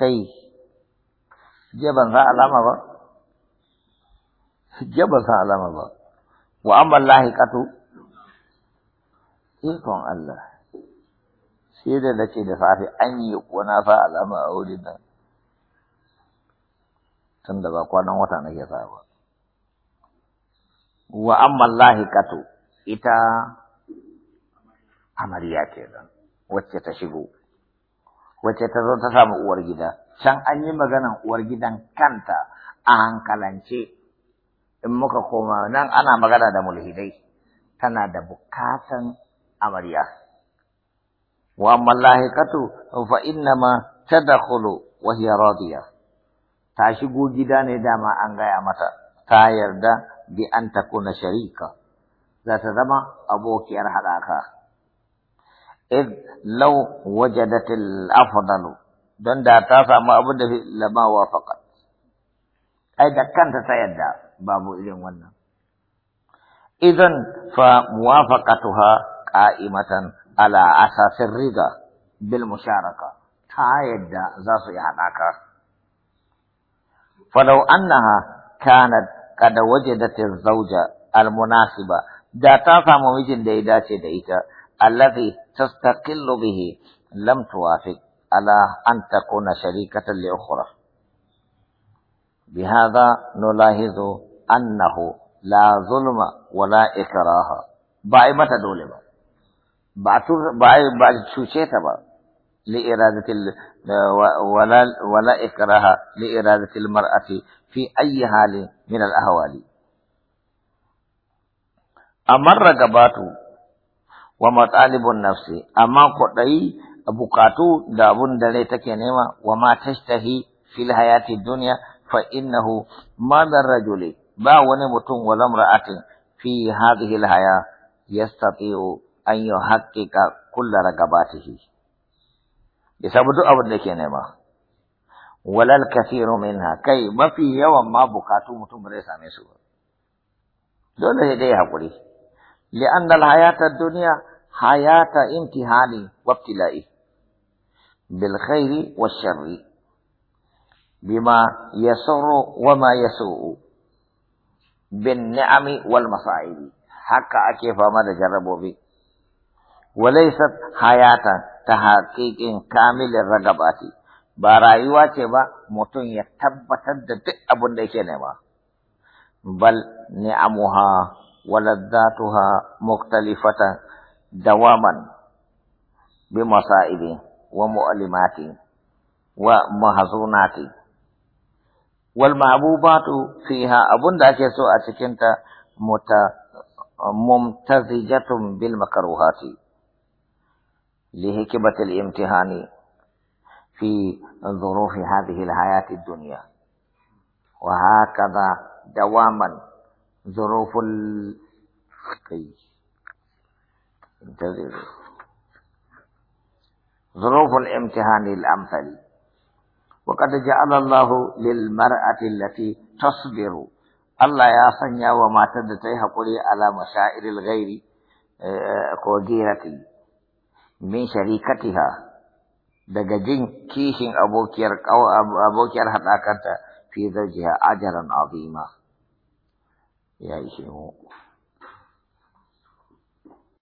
kai jiya ban za alama ba jiya ban sa alama ba wa amma amman lahiqatu ikon Allah sai da ce da safe an yi kona sa alama a wurin nan da ba kwanan wata nake sa ba wa amma lahi katu ita amarya kenan wacce ta shigo wacce ta zo ta samu uwar gida can an yi maganan uwar gidan kanta a hankalance in muka koma nan ana magana da mulhidai tana da bukatan amarya wa amma lahikatu fa ma tadkhulu wa hiya radiya ta shigo gida ne dama an gaya mata ta yarda bi an takuna sharika za ta zama abokiyar haɗaka إذ لو وجدت الأفضل دون داتا تاسع ما أبدا لما وافقت أي كانت سيدا بابو إلين ونم إذن فموافقتها قائمة على أساس الرضا بالمشاركة تايدا زاسو يحناك فلو أنها كانت قد وجدت الزوجة المناسبة دا تاسع مميزين دا إداتي دا إيتا الذي تستقل به لم توافق على أن تكون شريكة لأخرى بهذا نلاحظ أنه لا ظلم ولا إكراه بعمة دولة بعد تبع لإرادة ولا ولا إكراه لإرادة المرأة في أي حال من الأهوال أما الرغبات wa matalibun nafsi amma kwaɗayi bukatu da abun da rai take nema wa ma tashtahi fil hayati dunya fa innahu ma min rajuli ba wani mutum wala mar'atin fi hadhihi al haya yastati'u an yuhaqqiqa kull ragabatihi ya sabu duk abin da ke nema walal kathiru minha kai mafi yawan ma bukatu mutum ba zai same su ba dole sai dai hakuri li'anna al hayata ad-dunya حياة امتحان وابتلاء بالخير والشر بما يسر وما يسوء بالنعم والمصائب حق كيف ما تجربوا به وليست حياة تحقيق كامل الرغبات برايوة كيف متن يتبت الدقب نما بل نعمها ولذاتها مختلفة دواما بمصائب ومؤلمات ومحزونات والمعبوبات فيها أبن داكي سوء تكنت ممتزجة بالمكروهات لهكبة الامتحان في ظروف هذه الحياة الدنيا وهكذا دواما ظروف الفقه انتظر ظروف الامتحان الأمثل وقد جعل الله للمرأة التي تصبر الله يا صنيا وما تدتيها قولي على مشاعر الغير قديرتي آه، من شريكتها daga كيشين أبو abokiyar abokiyar haɗakarta في زوجها ajaran عظيما يا ishe